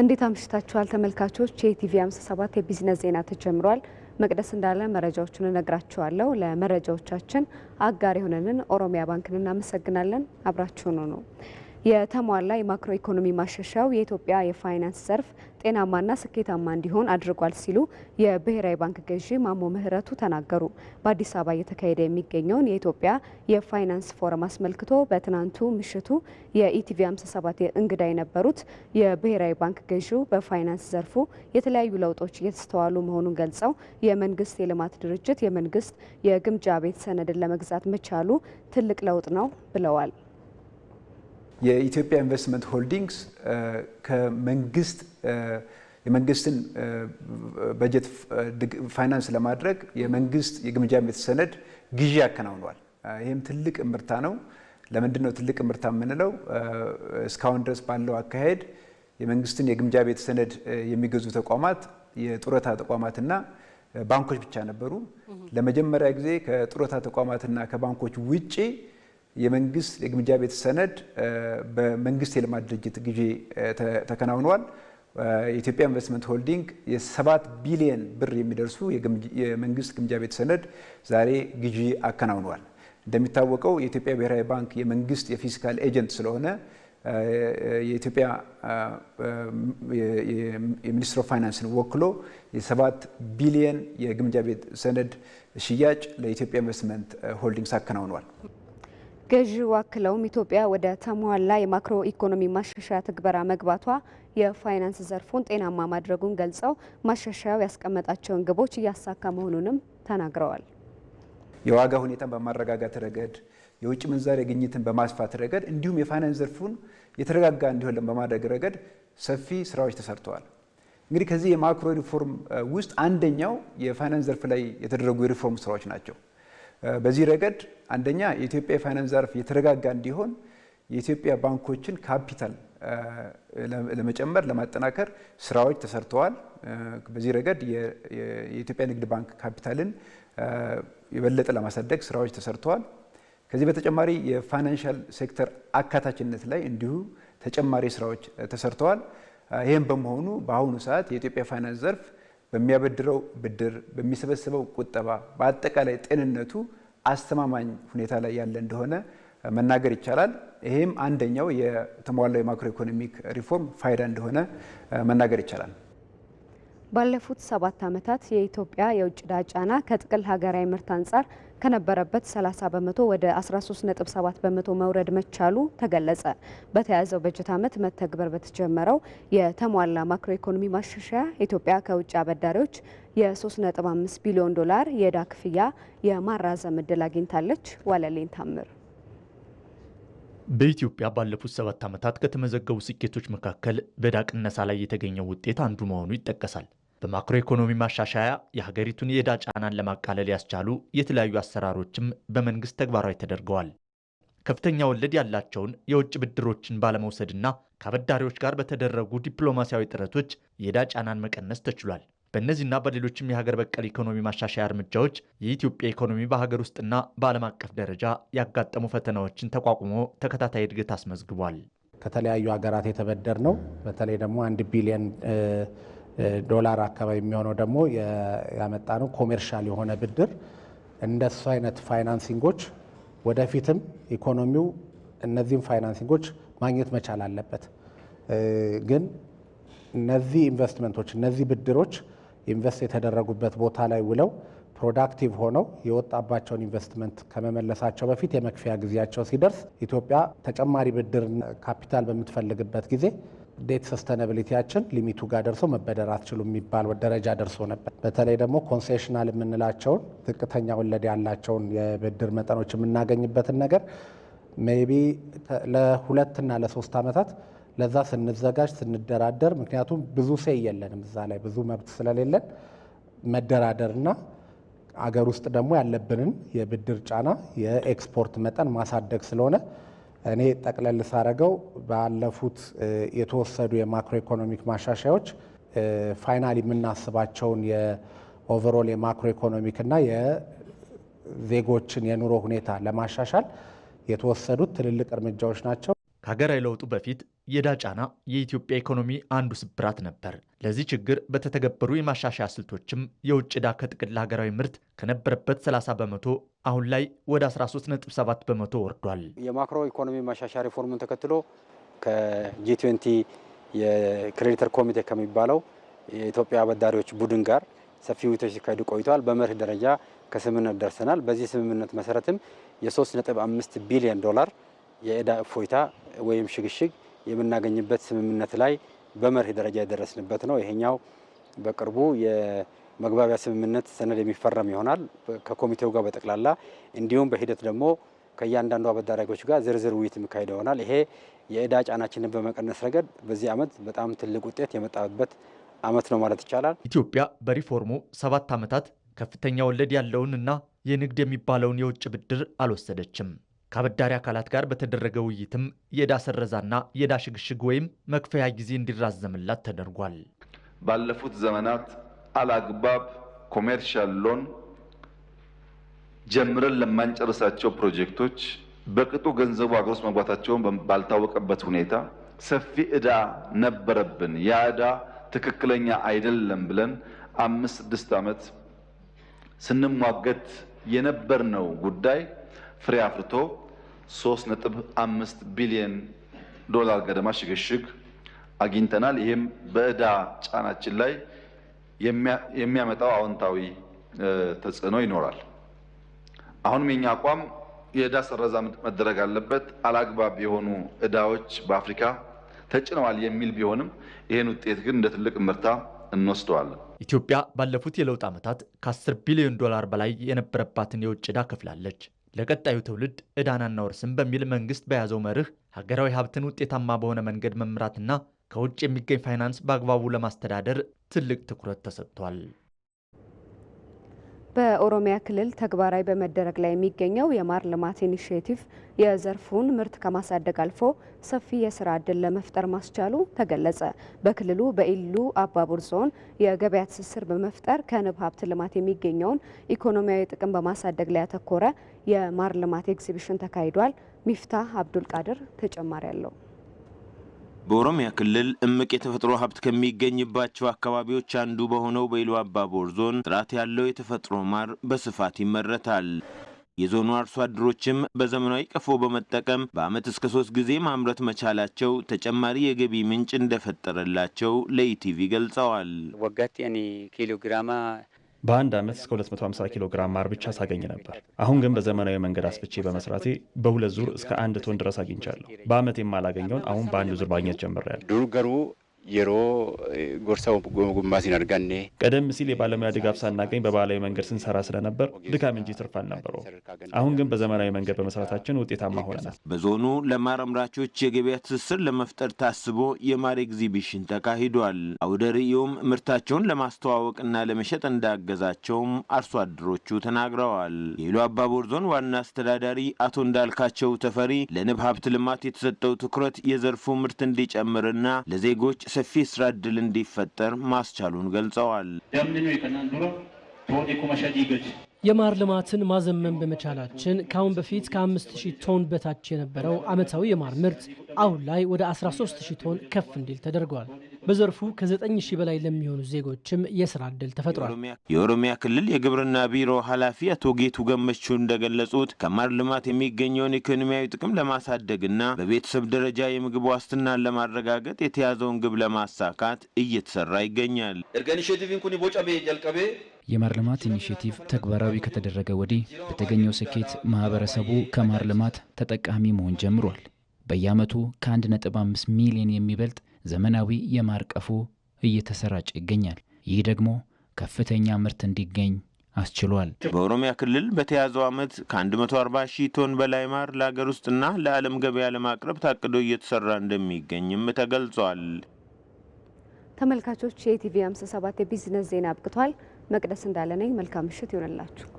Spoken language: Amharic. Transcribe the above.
እንዴት አምሽታችኋል ተመልካቾች። የኢቲቪ 57 የቢዝነስ ዜና ተጀምሯል። መቅደስ እንዳለ መረጃዎቹን እነግራችኋለሁ። ለመረጃዎቻችን አጋር የሆነንን ኦሮሚያ ባንክን እናመሰግናለን። አብራችሁኑ ነው የተሟላ የማክሮ ኢኮኖሚ ማሻሻያው የኢትዮጵያ የፋይናንስ ዘርፍ ጤናማና ስኬታማ እንዲሆን አድርጓል ሲሉ የብሔራዊ ባንክ ገዢ ማሞ ምህረቱ ተናገሩ። በአዲስ አበባ እየተካሄደ የሚገኘውን የኢትዮጵያ የፋይናንስ ፎረም አስመልክቶ በትናንቱ ምሽቱ የኢቲቪ 57 እንግዳ የነበሩት የብሔራዊ ባንክ ገዢው በፋይናንስ ዘርፉ የተለያዩ ለውጦች እየተስተዋሉ መሆኑን ገልጸው የመንግስት የልማት ድርጅት የመንግስት የግምጃ ቤት ሰነድን ለመግዛት መቻሉ ትልቅ ለውጥ ነው ብለዋል። የኢትዮጵያ ኢንቨስትመንት ሆልዲንግስ ከመንግስት የመንግስትን በጀት ፋይናንስ ለማድረግ የመንግስት የግምጃ ቤት ሰነድ ግዢ ያከናውኗል። ይህም ትልቅ እምርታ ነው። ለምንድን ነው ትልቅ እምርታ የምንለው? እስካሁን ድረስ ባለው አካሄድ የመንግስትን የግምጃ ቤት ሰነድ የሚገዙ ተቋማት የጡረታ ተቋማትና ባንኮች ብቻ ነበሩ። ለመጀመሪያ ጊዜ ከጡረታ ተቋማትና ከባንኮች ውጪ የመንግስት የግምጃ ቤት ሰነድ በመንግስት የልማት ድርጅት ግዢ ተከናውኗል። የኢትዮጵያ ኢንቨስትመንት ሆልዲንግ የሰባት ቢሊየን ብር የሚደርሱ የመንግስት ግምጃ ቤት ሰነድ ዛሬ ግዢ አከናውኗል። እንደሚታወቀው የኢትዮጵያ ብሔራዊ ባንክ የመንግስት የፊስካል ኤጀንት ስለሆነ የኢትዮጵያ የሚኒስትር ኦፍ ፋይናንስን ወክሎ የሰባት ቢሊየን የግምጃ ቤት ሰነድ ሽያጭ ለኢትዮጵያ ኢንቨስትመንት ሆልዲንግስ አከናውኗል። ገዢው አክለውም ኢትዮጵያ ወደ ተሟላ የማክሮ ኢኮኖሚ ማሻሻያ ትግበራ መግባቷ የፋይናንስ ዘርፉን ጤናማ ማድረጉን ገልጸው ማሻሻያው ያስቀመጣቸውን ግቦች እያሳካ መሆኑንም ተናግረዋል። የዋጋ ሁኔታን በማረጋጋት ረገድ፣ የውጭ ምንዛሪ ግኝትን በማስፋት ረገድ እንዲሁም የፋይናንስ ዘርፉን የተረጋጋ እንዲሆን በማድረግ ረገድ ሰፊ ስራዎች ተሰርተዋል። እንግዲህ ከዚህ የማክሮ ሪፎርም ውስጥ አንደኛው የፋይናንስ ዘርፍ ላይ የተደረጉ የሪፎርም ስራዎች ናቸው። በዚህ ረገድ አንደኛ የኢትዮጵያ የፋይናንስ ዘርፍ የተረጋጋ እንዲሆን የኢትዮጵያ ባንኮችን ካፒታል ለመጨመር ለማጠናከር ስራዎች ተሰርተዋል። በዚህ ረገድ የኢትዮጵያ ንግድ ባንክ ካፒታልን የበለጠ ለማሳደግ ስራዎች ተሰርተዋል። ከዚህ በተጨማሪ የፋይናንሻል ሴክተር አካታችነት ላይ እንዲሁ ተጨማሪ ስራዎች ተሰርተዋል። ይህም በመሆኑ በአሁኑ ሰዓት የኢትዮጵያ ፋይናንስ ዘርፍ በሚያበድረው ብድር፣ በሚሰበስበው ቁጠባ፣ በአጠቃላይ ጤንነቱ አስተማማኝ ሁኔታ ላይ ያለ እንደሆነ መናገር ይቻላል። ይህም አንደኛው የተሟላው የማክሮ ኢኮኖሚክ ሪፎርም ፋይዳ እንደሆነ መናገር ይቻላል። ባለፉት ሰባት ዓመታት የኢትዮጵያ የውጭ ዕዳ ጫና ከጥቅል ሀገራዊ ምርት አንጻር ከነበረበት 30 በመቶ ወደ 13.7 በመቶ መውረድ መቻሉ ተገለጸ። በተያዘው በጀት ዓመት መተግበር በተጀመረው የተሟላ ማክሮ ኢኮኖሚ ማሻሻያ ኢትዮጵያ ከውጭ አበዳሪዎች የ3.5 ቢሊዮን ዶላር የዕዳ ክፍያ የማራዘም እድል አግኝታለች። ዋለሌን ታምር በኢትዮጵያ ባለፉት ሰባት ዓመታት ከተመዘገቡ ስኬቶች መካከል በዕዳ ቅነሳ ላይ የተገኘው ውጤት አንዱ መሆኑ ይጠቀሳል። በማክሮ ኢኮኖሚ ማሻሻያ የሀገሪቱን የዕዳ ጫናን ለማቃለል ያስቻሉ የተለያዩ አሰራሮችም በመንግስት ተግባራዊ ተደርገዋል። ከፍተኛ ወለድ ያላቸውን የውጭ ብድሮችን ባለመውሰድና ከአበዳሪዎች ጋር በተደረጉ ዲፕሎማሲያዊ ጥረቶች የዕዳ ጫናን መቀነስ ተችሏል። በእነዚህና በሌሎችም የሀገር በቀል ኢኮኖሚ ማሻሻያ እርምጃዎች የኢትዮጵያ ኢኮኖሚ በሀገር ውስጥና በዓለም አቀፍ ደረጃ ያጋጠሙ ፈተናዎችን ተቋቁሞ ተከታታይ እድገት አስመዝግቧል። ከተለያዩ ሀገራት የተበደር ነው። በተለይ ደግሞ አንድ ቢሊዮን ዶላር አካባቢ የሚሆነው ደግሞ ያመጣ ነው ኮሜርሻል የሆነ ብድር። እንደሱ አይነት ፋይናንሲንጎች ወደፊትም ኢኮኖሚው እነዚህም ፋይናንሲንጎች ማግኘት መቻል አለበት። ግን እነዚህ ኢንቨስትመንቶች እነዚህ ብድሮች ኢንቨስት የተደረጉበት ቦታ ላይ ውለው ፕሮዳክቲቭ ሆነው የወጣባቸውን ኢንቨስትመንት ከመመለሳቸው በፊት የመክፈያ ጊዜያቸው ሲደርስ ኢትዮጵያ ተጨማሪ ብድር ካፒታል በምትፈልግበት ጊዜ ዴት ሰስተናብሊቲያችን ሊሚቱ ጋር ደርሶ መበደር አትችሉ የሚባል ደረጃ ደርሶ ነበር። በተለይ ደግሞ ኮንሴሽናል የምንላቸውን ዝቅተኛ ወለድ ያላቸውን የብድር መጠኖች የምናገኝበትን ነገር ሜቢ ለሁለትና ለሶስት ዓመታት ለዛ ስንዘጋጅ ስንደራደር፣ ምክንያቱም ብዙ ሴ የለንም እዛ ላይ ብዙ መብት ስለሌለን መደራደርና አገር ውስጥ ደግሞ ያለብንን የብድር ጫና የኤክስፖርት መጠን ማሳደግ ስለሆነ እኔ ጠቅለል ሳረገው ባለፉት የተወሰዱ የማክሮ ኢኮኖሚክ ማሻሻዮች ፋይናል የምናስባቸውን የኦቨሮል የማክሮ ኢኮኖሚክ እና የዜጎችን የኑሮ ሁኔታ ለማሻሻል የተወሰዱት ትልልቅ እርምጃዎች ናቸው። ከሀገራዊ ለውጡ በፊት የዕዳ ጫና የኢትዮጵያ ኢኮኖሚ አንዱ ስብራት ነበር። ለዚህ ችግር በተተገበሩ የማሻሻያ ስልቶችም የውጭ ዕዳ ከጥቅል ሀገራዊ ምርት ከነበረበት 30 በመቶ አሁን ላይ ወደ 13.7 በመቶ ወርዷል። የማክሮ ኢኮኖሚ ማሻሻያ ሪፎርሙን ተከትሎ ከጂ20 የክሬዲተር ኮሚቴ ከሚባለው የኢትዮጵያ አበዳሪዎች ቡድን ጋር ሰፊ ውይይቶች ሲካሄዱ ቆይተዋል። በመርህ ደረጃ ከስምምነት ደርሰናል። በዚህ ስምምነት መሰረትም የ3.5 ቢሊዮን ዶላር የእዳ እፎይታ ወይም ሽግሽግ የምናገኝበት ስምምነት ላይ በመርህ ደረጃ የደረስንበት ነው። ይሄኛው በቅርቡ የመግባቢያ ስምምነት ሰነድ የሚፈረም ይሆናል ከኮሚቴው ጋር በጠቅላላ እንዲሁም በሂደት ደግሞ ከእያንዳንዱ አበዳሪዎች ጋር ዝርዝር ውይይት የሚካሄድ ይሆናል። ይሄ የእዳ ጫናችንን በመቀነስ ረገድ በዚህ ዓመት በጣም ትልቅ ውጤት የመጣበት ዓመት ነው ማለት ይቻላል። ኢትዮጵያ በሪፎርሙ ሰባት ዓመታት ከፍተኛ ወለድ ያለውንና የንግድ የሚባለውን የውጭ ብድር አልወሰደችም። ከአበዳሪ አካላት ጋር በተደረገ ውይይትም የዕዳ ሰረዛና የዕዳ ሽግሽግ ወይም መክፈያ ጊዜ እንዲራዘምላት ተደርጓል። ባለፉት ዘመናት አላግባብ ኮሜርሻል ሎን ጀምረን ለማንጨርሳቸው ፕሮጀክቶች በቅጡ ገንዘቡ አገር ውስጥ መግባታቸውን ባልታወቀበት ሁኔታ ሰፊ ዕዳ ነበረብን። ያ ዕዳ ትክክለኛ አይደለም ብለን አምስት ስድስት ዓመት ስንሟገት የነበርነው ጉዳይ ፍሬ አፍርቶ ሶስት ነጥብ አምስት ቢሊየን ዶላር ገደማ ሽግሽግ አግኝተናል። ይህም በእዳ ጫናችን ላይ የሚያመጣው አዎንታዊ ተጽዕኖ ይኖራል። አሁንም የኛ አቋም የእዳ ሰረዛ መደረግ አለበት። አላግባብ የሆኑ እዳዎች በአፍሪካ ተጭነዋል የሚል ቢሆንም ይህን ውጤት ግን እንደ ትልቅ ምርታ እንወስደዋለን። ኢትዮጵያ ባለፉት የለውጥ ዓመታት ከ10 ቢሊዮን ዶላር በላይ የነበረባትን የውጭ ዕዳ ከፍላለች። ለቀጣዩ ትውልድ ዕዳን አናወርስም በሚል መንግስት በያዘው መርህ ሀገራዊ ሀብትን ውጤታማ በሆነ መንገድ መምራትና ከውጭ የሚገኝ ፋይናንስ በአግባቡ ለማስተዳደር ትልቅ ትኩረት ተሰጥቷል። በኦሮሚያ ክልል ተግባራዊ በመደረግ ላይ የሚገኘው የማር ልማት ኢኒሽቲቭ የዘርፉን ምርት ከማሳደግ አልፎ ሰፊ የስራ ዕድል ለመፍጠር ማስቻሉ ተገለጸ። በክልሉ በኢሉ አባቡር ዞን የገበያ ትስስር በመፍጠር ከንብ ሀብት ልማት የሚገኘውን ኢኮኖሚያዊ ጥቅም በማሳደግ ላይ ያተኮረ የማር ልማት ኤግዚቢሽን ተካሂዷል። ሚፍታህ አብዱል ቃድር ተጨማሪ አለው። በኦሮሚያ ክልል እምቅ የተፈጥሮ ሀብት ከሚገኝባቸው አካባቢዎች አንዱ በሆነው በኢሉ አባቦር ዞን ጥራት ያለው የተፈጥሮ ማር በስፋት ይመረታል። የዞኑ አርሶ አደሮችም በዘመናዊ ቀፎ በመጠቀም በዓመት እስከ ሶስት ጊዜ ማምረት መቻላቸው ተጨማሪ የገቢ ምንጭ እንደፈጠረላቸው ለኢቲቪ ገልጸዋል። ወጋቴ ኪሎግራማ በአንድ ዓመት እስከ 250 ኪሎ ግራም ማር ብቻ ሳገኝ ነበር። አሁን ግን በዘመናዊ መንገድ አስፍቼ በመስራቴ በሁለት ዙር እስከ አንድ ቶን ድረስ አግኝቻለሁ። በዓመት የማላገኘውን አሁን በአንድ ዙር ማግኘት ጀምሬያለሁ። yeroo eh, gorsa ogummaa sin ቀደም ሲል የባለሙያ ድጋፍ ሳናገኝ በባህላዊ መንገድ ስንሰራ ስለነበር ድካም እንጂ ትርፍ አልነበረው። አሁን ግን በዘመናዊ መንገድ በመስራታችን ውጤታማ ሆነናል። በዞኑ ለማር አምራቾች የገበያ ትስስር ለመፍጠር ታስቦ የማር ኤግዚቢሽን ተካሂዷል። አውደ ርዕዩም ምርታቸውን ለማስተዋወቅና ለመሸጥ እንዳገዛቸውም አርሶ አደሮቹ ተናግረዋል። የኢሉ አባቦር ዞን ዋና አስተዳዳሪ አቶ እንዳልካቸው ተፈሪ ለንብ ሀብት ልማት የተሰጠው ትኩረት የዘርፉ ምርት እንዲጨምርና ለዜጎች ሰፊ ስራ እድል እንዲፈጠር ማስቻሉን ገልጸዋል። የማር ልማትን ማዘመን በመቻላችን ከአሁን በፊት ከአምስት ሺህ ቶን በታች የነበረው ዓመታዊ የማር ምርት አሁን ላይ ወደ 13000 ቶን ከፍ እንዲል ተደርጓል። በዘርፉ ከ9000 በላይ ለሚሆኑ ዜጎችም የስራ እድል ተፈጥሯል። የኦሮሚያ ክልል የግብርና ቢሮ ኃላፊ አቶ ጌቱ ገመቹ እንደገለጹት ከማር ልማት የሚገኘውን ኢኮኖሚያዊ ጥቅም ለማሳደግና በቤተሰብ ደረጃ የምግብ ዋስትናን ለማረጋገጥ የተያዘውን ግብ ለማሳካት እየተሰራ ይገኛል። የማር ልማት ኢኒሽቲቭ ተግባራዊ ከተደረገ ወዲህ በተገኘው ስኬት ማህበረሰቡ ከማር ልማት ተጠቃሚ መሆን ጀምሯል። በየዓመቱ ከ1.5 ሚሊዮን የሚበልጥ ዘመናዊ የማር ቀፎ እየተሰራጨ ይገኛል። ይህ ደግሞ ከፍተኛ ምርት እንዲገኝ አስችሏል። በኦሮሚያ ክልል በተያዘው ዓመት ከ140 ሺህ ቶን በላይ ማር ለአገር ውስጥና ለዓለም ገበያ ለማቅረብ ታቅዶ እየተሰራ እንደሚገኝም ተገልጿል። ተመልካቾች የኢቲቪ 57 የቢዝነስ ዜና አብቅቷል። መቅደስ እንዳለ ነኝ። መልካም ምሽት ይሆንላችሁ።